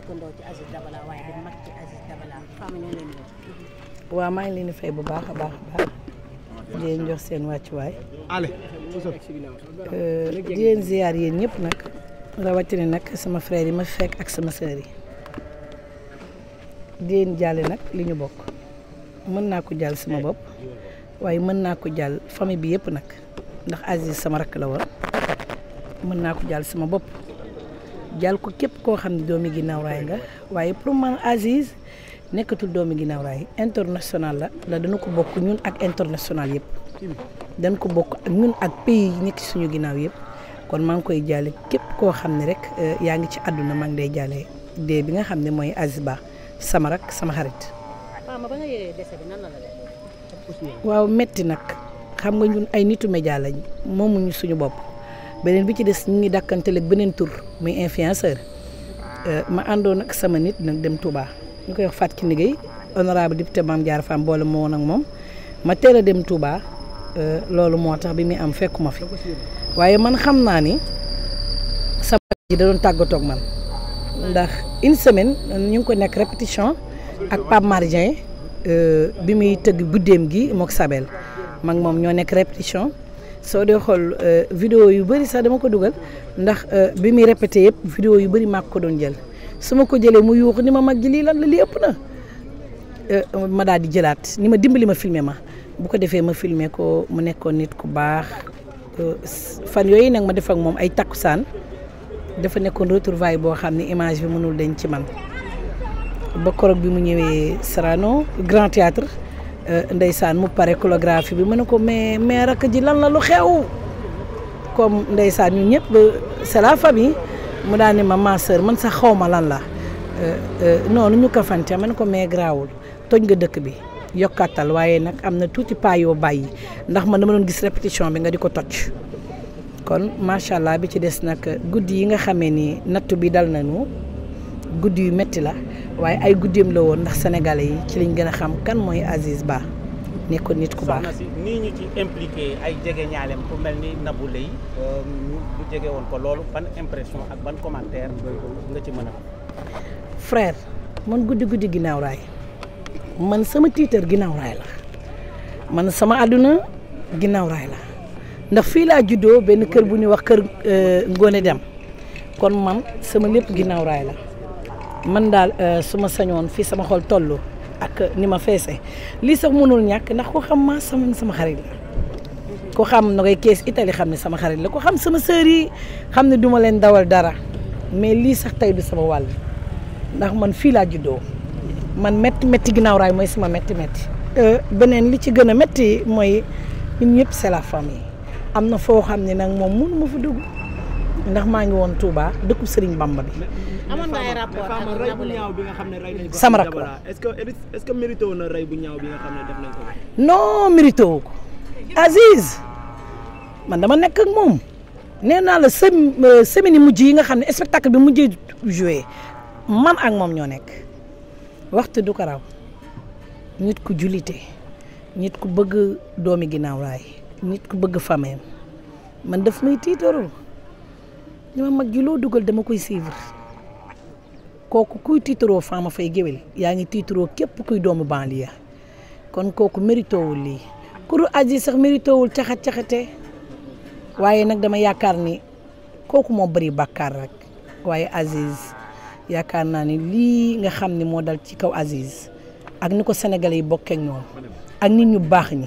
dëkkandoo ci Aziz Dabala waaw maa ngi leen fay bu baax a baax a baax di leen seen wàccuwaay euh, di leen ziyaar yéen ñëpp nag rawatine nag sama frère yi ma fekk ak sama sœur yi di leen jàlle nag li ñu bokk mën naa ko jàll suma bopp waaye mën naa ko jàll famille bi yëpp nag ndax Aziz sama rakk la woon mën naa ko jàll sama bopp jàll ko képp koo xam ne doomi ginnaaw raay waaye pour man Aziz nekkatul doomi ginnaaw raay international la la dana ko bokk ñun ak international yëpp dañ ko bokk ñun ak pays yi nekk suñu ginnaaw yëpp kon maa ngi koy jaale képp koo xam ne rek eh, yaa ngi ci àdduna man ngi day jaale dee bi nga xam ne mooy Aziz Ba sama rak sama xarit waaw metti nag xam nga ñun ay nitu média lañ moomuñu suñu bopp beneen bi ci des ñu ngi dakkante dàkkanteleeg beneen tur muy influenceur euh, ma àndoon ak sama nit nag dem Touba ñu koy wax Fatou Kiné Gueye honorable député Mame Diarra Fam boole ma nag moom ma teel a dem Touba euh, loolu moo tax bi muy am fekkuma fi waaye man xam naa ni sama ji da doon tàggatoo ak man ndax une semaine ñu ngi ko nekk répétition ak Pape Marie euh, bi muy tëgg guddeem gi mook Sabel mag moom ñoo nekk répétition soo dee xool euh, vidéo yu bëri sax dama ko dugal ndax euh, bi muy répété yëpp vidéo yu bëri maa ko doon jël su ma ko jëlee mu yuuxu ni ma mag ji lii lan la lii ëpp na euh, ma daal di jëlaat ni ma dimbali ma filmer ma bu ko defee ma filmer ko mu nekkoon nit ku baax fan yooyu nag ma def ak moom ay takkusaan dafa nekkoon retrouvaille boo xam ne image bi mënul dañ ci man ba koroog bi mu ñëwee Sorano Grand Théâtre Euh, ndeysaan mu pare chorégraphie bi mu ne ko mais mais rakk ji lan la lu xew comme ndeysaan ñu ñëpp c'est la famille mu daal ma ma man sax xaw ma lan la euh, euh, noonu ñu ko fante ma ne ko mais grawul toj nga dëkk bi yokkaatal waaye nag am na tuuti paa yoo bàyyi ndax man dama doon gis répétition bi nga di ko toj kon macha allah bi ci des nag guddi yi nga xamee ni nattu bi dal nañu guddi yu métti la waaye ay guddeem la woon ndax sénégalais yi ci lañ gën a xam kan mooy Aziz Ba nekkoon nit ku baax. soxna ay jege ñaaleem mel ni Nabou euh, woon ko loolu ban impression ak ban commentaire ci mën man guddi guddi ginnaaw raay man sama tiitar ginnaaw raay la man sama àdduna ginnaaw raay la ndax fii laa juddoo benn kër bu ñuy wax kër euh, Ngone Dem kon man sama lépp ginnaaw raay la. man daal euh, su ma sañoon fii sama xol toll ak ni ma feese lii sax mënul ñàkk ndax ko xam maa sama sama xarit la ku xam na koy kees itali xam ne sama xarit la ko xam sama sœur yi xam ne duma leen dawal dara mais lii sax tey du sama wàll ndax man fii laa juddoo man métti métti ginnaaw raay mooy sama métti métti euh, beneen li ci gën a métti mooy ñun ñëpp c'est la famille am na foo xam ne nag moom mënu ma fa dugg ndax maa ngi woon Touba dëkku Serigne Bamba bi. amoon nga ay rapport sama rakk la est-ce que est-ce que mérité woon bu ñaaw bi nga xam mérité wu ko man dama nekk moom nee naa la sem euh, semaine mujj yi nga xam ne spectacle bi mujjee joué man ak moom ñoo nekk waxtu du ko raw nit ku jullite nit ku bëgg doomi ginnaaw laay nit ku bëgg fameem man daf may tiitaroo. li ma mag ji loo dugal dama koy suivre kooku kuy tiitaroo Fama fay Guewel yaa ngi tiitaroo képp kuy doomu banlieue kon kooku méritowul lii kuru aji sax méritowul caxat caxate waaye nag dama yaakaar ni kooku moo bëri bàkkaar rek waaye Aziz yaakaar naa ni lii nga xam ne moo dal ci kaw Aziz ak ni ko sénégalais yi bokkee ak ak nit ñu baax ñi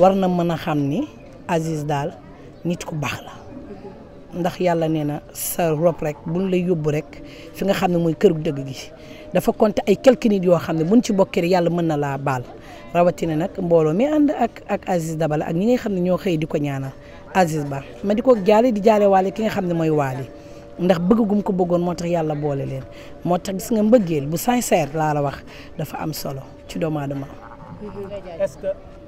war na mën a xam ni Aziz daal nit ku baax la ndax yàlla nee na sa rob rek buñ lay yóbbu rek fi nga xam ne mooy këru dëgg gi dafa konte ay quelques nit yoo xam ne buñ ci bokkee yàlla mën na laa baal rawatina nag mbooloo mi ànd ak ak Aziz Dabala ak ñi ngay xam ne ñoo xëy di ko ñaana Aziz Ba ma di ko jaale di jaale waale ki nga xam ne mooy waali ndax bëgg gum ko bëggoon moo tax yàlla boole leen moo tax gis nga mbëggeel bu sincère laa la wax dafa am solo ci doomu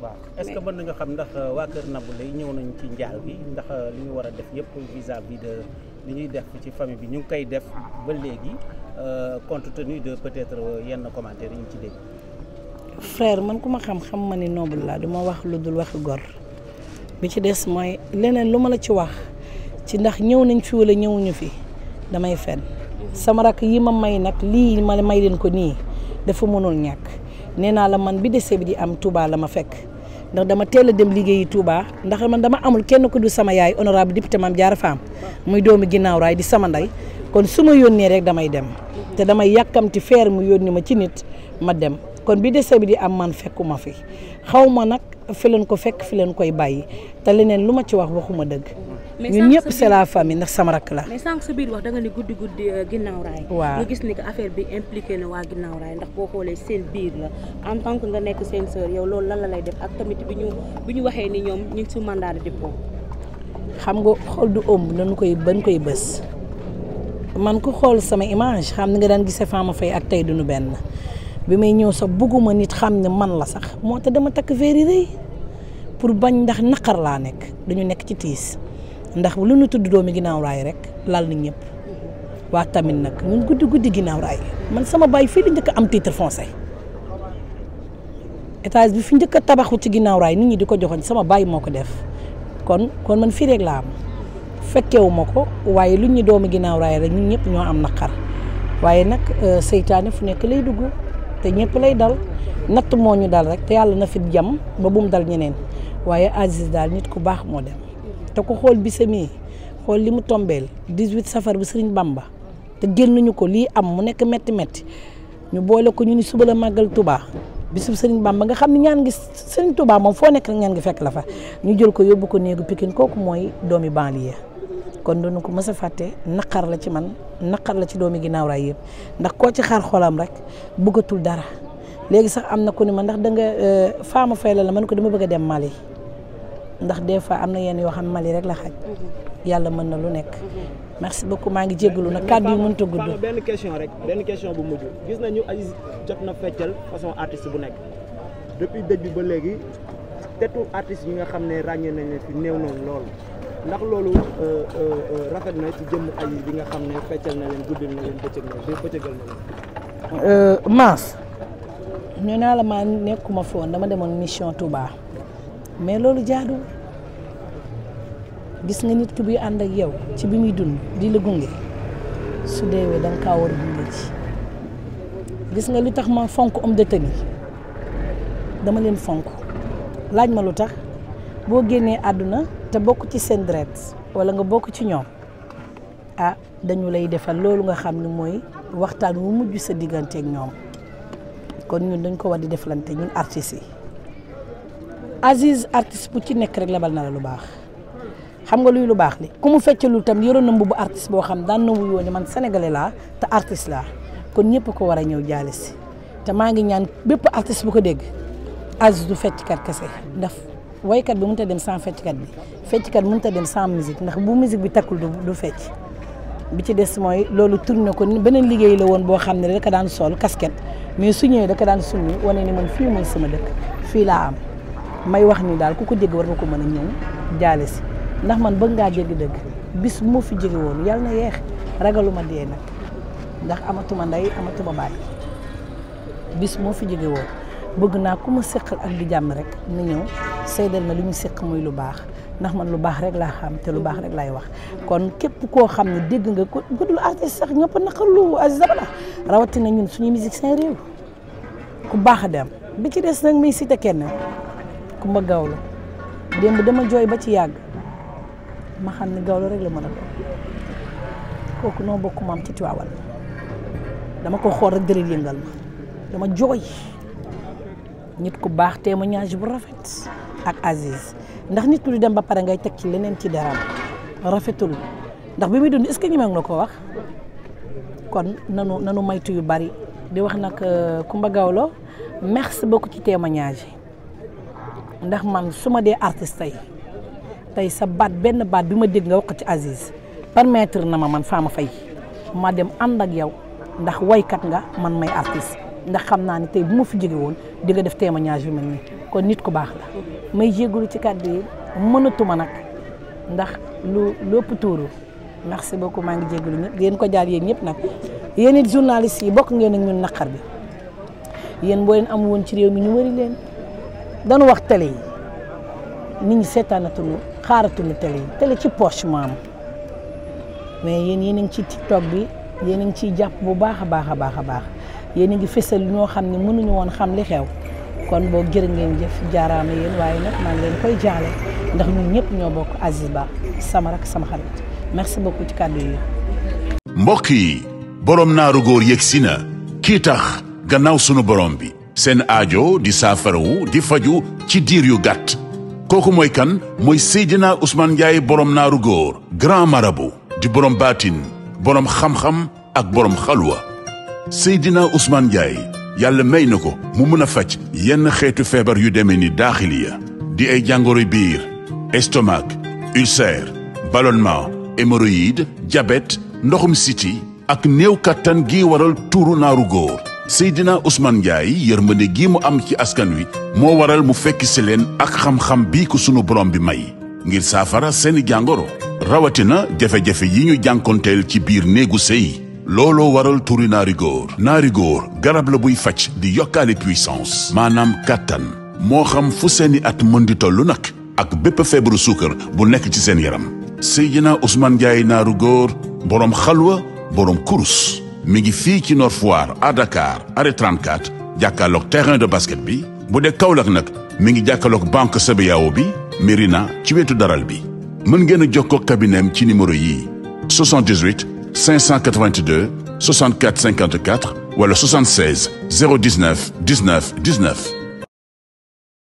waaw est-ce que mën na nga xam ndax euh, waa Kër Nabou Leye ñëw nañu ci njaal bi ndax euh, li ñu war a def yëpp vis à de li ñuy def ci famille bi ñu ngi koy def ba léegi euh, compte tenu de peut-être yenn commentaires yi ñu ci dégg. frère man ku ma xam xam ma ni noble laa duma wax lu dul wax gor bi ci des mooy leneen lu ma la ci wax ci ndax ñëw nañ fi wala ñëwuñu fi damay fen mhm. sama rakk yi ma may nag lii ma may leen ko nii dafa mënul ñàkk. nee naa la man bi dese bi di am Touba la ma fekk ndax dama teel a dem liggéeyi Touba ndax man dama amul kenn ku du sama yaay honorable député Mame Diarra Fam muy doomu ginnaaw raay di sama ndey kon su ma yónnee rek damay dem te damay yàkkamti feer mu yónni ma ci nit ma dem kon bi dese bi yi am man fekkuma fi xaw ma nag fi leen ko fekk fi leen koy bàyyi te leneen lu ma ci wax waxuma dëgg ñun ñëpp c'est la famille ndax sama rakk la. mais sànq sa biir wax da nga guddi guddi euh, ginnaaw raay. waa nga gis ni que affaire bi impliqué na waa ginnaaw raay ndax boo xoolee seen biir la en tant que nga nekk seen sœur yow loolu lan la lay def ak tamit bi ñu bi ñu waxee ni ñoom ñu ngi si mandat de dépôt. xam nga xool du ëmb nañu koy bañ koy bës man ko xool sama image xam ni nga daan gisee Fama Faye ak tey duñu benn bi may ñëw sax bëgguma nit xam ne man la sax moo tax dama takk verre rëy pour bañ ndax naqar laa nekk dañu nekk ci tiis. ndax lu ñu tudd doomi ginnaaw raay rek lal na ñëpp waa tamit nag ñun guddi guddi ginnaaw raay man sama baay fii la njëkk am titre foncier étage bi fi njëkk tabaxu ci ginnaaw raay nit ñi di ko joxoon sama baay moo ko def kon kon man fii rek laa am fekkewu ko waaye lu ñu doomi ginnaaw raay rek ñun ñëpp ñoo am naqar waaye nag euh, seytaane fu nekk lay dugg te ñëpp lay dal natt moo ñu dal rek te yàlla na fit jam ba bum dal ñeneen waaye Aziz daal nit ku baax moo dem. te ko xool bisam yi xool li mu tombeel 18 safar bu Sëriñ Bamba te nañu ko lii am mu nekk metti metti ñu boole ko ñu ni suba la màggal Touba bisub Sëriñ Bamba nga xam ne ñaan ngi Sëriñ tubaa moom foo nekk rek ñaan ngi fekk la fa ñu jël ko yóbbu ko néegu Pikine kooku mooy doomi banlieue kon doonu ko mës a fàtte naqar la ci man naqar la ci doomi ginnaaw raay yëpp ndax koo ci xaar xolam rek buggatul dara léegi sax am na ku ne ma ndax danga nga euh, faama fay la la ko dama bëgg a dem Mali ndax des fois am na yenn yoo xam Mali rek la xaj yàlla mën na lu nekk merci beaucoup maa ngi jégalu nag kàddu yi mënut a gudd benn question rek benn question bu mujj gis nañu Aziz jot na feccal façon artiste bu nekk depuis dëj ba léegi tetu artiste yi nga xam ne ràññee nañ leen fi néew noonu loolu ndax loolu euh, euh, euh, rafet na ci jëmm Aziz bi nga xam ne feccal na leen guddil na leen bëccëg na leen bëccëgal na ñu naa la maa nekkuma foon dama demoon mission Touba mais loolu jaaduwul gis nga nit ki buy ànd ak yow ci bi muy dund di la gunge su deewee danga kaa war a gunge ci gis nga lu tax ma fonk om de tenue dama leen fonk laaj ma lu tax boo génnee àdduna te bokk ci seen deret walla nga bokk ci ñoom ah dañu lay defal loolu nga xam ne mooy waxtaan wu mujj sa diggante ak ñoom kon ñun dañ ko war di deflante ñun artistes yi Aziz artiste bu ci nekk rek lebal na la lu baax xam nga luy lu baax ni ku mu lu tam yoroon na mbubu artiste boo xam daan na wuyoo ne man sénégalais laa te artiste laa kon ñëpp ko war a ñëw jaale si te maa ngi ñaan bépp artiste bu ko dégg Aziz du fecckat kese ndax waykat bi mënut a dem sans fecckat bi fecckat mënut a dem sans musique ndax bu musique bi takkul du fecc bi ci des mooy loolu tourné ko beneen liggéey la woon boo xam ne daka daan sol casquette mais su ñëwee daka daan summi wane ni man fii mooy sama dëkk fii laa am. may wax ni daal ku ko dégg war na ko mën a ñëw jaale ndax man bëgg ngaa jéggi dëgg bis moo fi jege woon yàlla na yeex ragaluma dee nag ndax amatuma ndey amatuma baay bis moo fi jege woon bëgg naa ku ma seqal ak di jàmm rek na ñëw seedal na li ñu séq muy lu baax ndax man lu baax rek laa xam te lu baax rek laay wax kon képp koo xam ne dégg nga ko guddul artiste sax ñëpp naqarlu Aziz Dabala rawatina ñun suñu musique seen réew ku baax a dem bi ci des nag muy cité kenn kumba gawlo démb dama jooy ba ci yàgg ma xam ne gawlo rek la mën a doon kooku noo bokk maam ci Tiwaawan dama ko xool rek dërët yëngal ma dama jooy nit ku baax témoignage bu rafet ak Aziz ndax nit ku dem ba pare ngay teg ci leneen ci daraam rafetul ndax bi muy dund est-ce que ñemeeg na ko wax kon nanu nanu maytu yu bari di wax nag euh, Kumba Gawlo merci beaucoup ci témoignage yi ndax man su ma dee artiste tey tey sa baat benn baat bi ma dégg nga wax ci Aziz permettre na ma man Fama fay ma dem ànd ak yow ndax waykat nga man may artiste ndax xam naa ne tey bu ma fi jóge woon di nga def témoignage yu mel nii kon nit ku baax la may jégalu ci kàddu yi mënatuma nag ndax lu lépp tuuru merci beaucoup maa ngi jégalu ñëpp di ko jaar yéen ñëpp nag yéen it yi bokk ngeen ak ñun naqar bi yéen boo leen am woon ci réew mi ñu wari leen dañu wax télé yi nit ñi seetaanatuñu xaaratuñu télé yi télé ci poche maam mais yéen yéen a ngi ci tiktok bi yéen a ngi ciy jàpp bu baax a baax a baax a baax yéen a ngi fësal ñoo xam ne mënuñu woon xam li xew kon boo jërë ngeen jëf jaaraama yéen waaye nag maa ngi leen koy jaale ndax ñu ñëpp ñoo bokk Aziz Ba sama rak sama xarit merci beaucoup ci kàddu yi. mbokk yi borom naaru góor yegg si na kii tax gannaaw sunu borom bi. seen aajo di saafarawu di faju ci diir yu gàtt kooku mooy kan mooy Seydina usmaan Ndiaye boroom naaru góor grand marabout di borom baatin borom xam-xam ak borom xalwa Seydina Ousmane Ndiaye yàlla may na ko mu mën a faj yenn xeetu feebar yu demee ni daaxiliya di ay jàngoro biir estomac ulcère ballonnement hémorroïde diabète ndoxum siti ak néew kattan gi waral tuuru naaru góor Seydina Ousmane Ndiaye yërmande gi mu am ci askan wi moo waral mu fekk si leen ak xam-xam bi ko sunu borom bi may ngir saafara seeni jàngoro rawatina jafe-jafe yi ñu jànkonteel ci biir néegu sëy looloo waral turi naari naarigóor naarigóor garab la buy faj di yokkaale puissance maanaam kàttan moo xam fu seeni at mën di toll nag ak bépp feebaru suukar bu nekk ci seen yaram Seydina Ousmane Ndiaye naaru góor borom xalwa borom kurus mi ngi fii ci Nord Foire à Dakar arrêt 34 jàkkaarloog terrain de basket bi bu dee Kaolack nag mi ngi jàkkaarloog banque CBAO bi Merina ci wetu daral bi mën ngeen a jokkoo kabinem ci numéro yii 78 582 64 54 wala 76 019 19